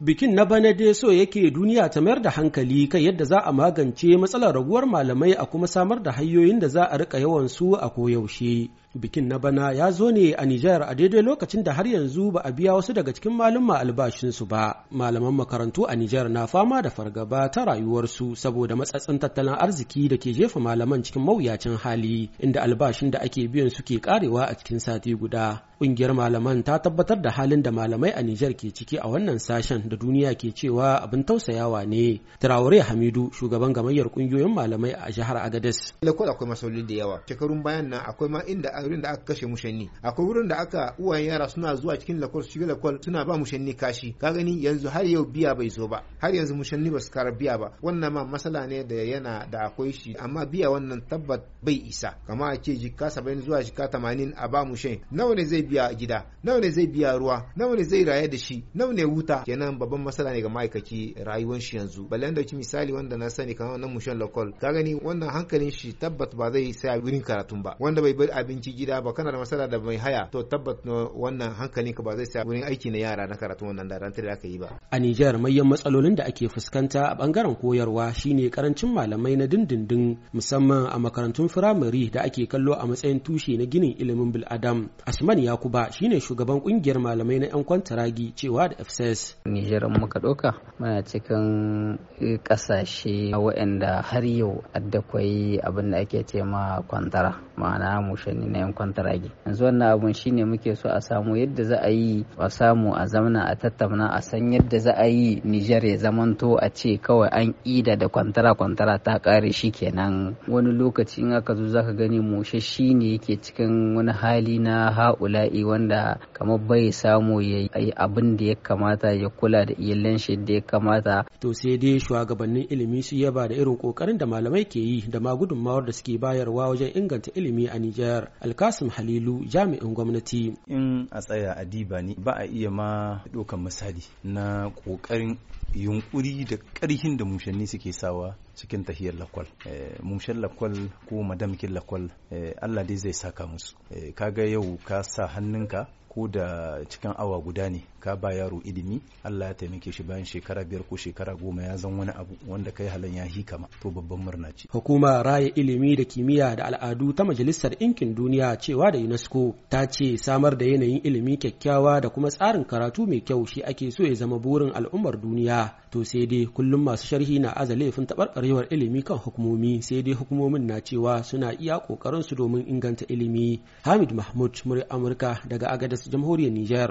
bikin na bana dai so yake duniya ta mayar da hankali kai yadda za a magance matsalar raguwar malamai a kuma samar da hanyoyin da za a rika yawan su a koyaushe bikin na bana ya zo ne a Nijar a daidai lokacin da har yanzu ba a biya wasu daga cikin malumma su ba malaman makarantu a Nijar na fama da fargaba ta rayuwarsu saboda matsatsin tattalin arziki da ke jefa malaman cikin mawuyacin hali inda albashin da ake biyan su ke karewa a cikin sati guda kungiyar malaman ta tabbatar da halin da malamai a Nijar ke ciki a wannan sashen da duniya ke cewa abin tausayawa ne. Traore Hamidu shugaban gamayyar ƙungiyoyin malamai a jihar Agadez. Lakwal akwai masauli da yawa. Shekarun bayan nan akwai ma inda wurin da aka kashe mushanni. Akwai wurin da aka uwa yara suna zuwa cikin lakwal su shiga lakwal suna ba mushanni kashi. Ka gani yanzu har yau biya bai zo ba. Har yanzu mushanni ba su kara biya ba. Wannan ma masala ne da yana da akwai shi amma biya wannan tabbat bai isa. Kama a ce jikka 70 zuwa jikka 80 a ba mushen. Nawa ne zai biya biya a gida nawa ne zai biya ruwa nawa ne zai raye da shi nawa ne wuta kenan babban matsala ne ga ma'aikaci rayuwar shi yanzu balle da ki misali wanda na sani kamar nan mushan lokal ka gani wannan hankalin shi tabbat ba zai sai a wurin karatun ba wanda bai bar abinci gida ba kana da matsala da mai haya to tabbat wannan hankalin ka ba zai sai a wurin aiki na yara na karatun wannan da rantar da aka yi ba a Nijar manyan matsalolin da ake fuskanta a bangaren koyarwa shine karancin malamai na dindindin musamman a makarantun firamare da ake kallo a matsayin tushe na ginin ilimin bil'adam Asman ya ba shine shugaban kungiyar malamai na 'yan kwantaragi cewa da FSS. Nijar muka ɗauka muna cikin ƙasashe waɗanda har yau addakwai abin da ake ce ma kwantara ma'ana mushani na 'yan kwantaragi. Yanzu wannan abun shine muke so a samu yadda za a yi a samu a zamana a tattauna a san yadda za a yi Nijar ya zamanto a ce kawai an ƙida da kwantara kwantara ta ƙare shi kenan wani lokaci in aka zo zaka gani mushe ne yake cikin wani hali na ha'ula bala'i wanda kamar bai samu ya yi abin da ya kamata ya kula da iyalan shi da ya kamata. To sai dai shugabannin ilimi su yaba da irin kokarin da malamai ke yi da ma da suke bayarwa wajen inganta ilimi a Nijar. Alkasim Halilu jami'in gwamnati. In a tsaya a diba ni ba a iya ma ɗaukan misali na kokarin yunkuri da karhin da mushanni suke sawa cikin tahiyar lakwal eh, mushen lakwal ko madamkin lakwal eh, allah dai zai saka musu eh, kaga yau ka sa hannunka ko da cikin awa guda ne ka ba yaro ilimi Allah ya taimake shi bayan shekara biyar ko shekara goma ya zan wani abu wanda kai halin ya hi kama to babban murna ce hukuma raya ilimi da kimiyya da al'adu ta majalisar ɗinkin duniya cewa da UNESCO ta ce samar da yanayin ilimi kyakkyawa da kuma tsarin karatu mai kyau shi ake so ya zama burin al'ummar duniya to sai dai kullum masu sharhi na aza laifin taɓarɓarewar ilimi kan hukumomi sai dai hukumomin na cewa suna iya ƙoƙarinsu domin inganta ilimi Hamid Mahmud murya Amurka daga Agadez jamhuriyar Nijar.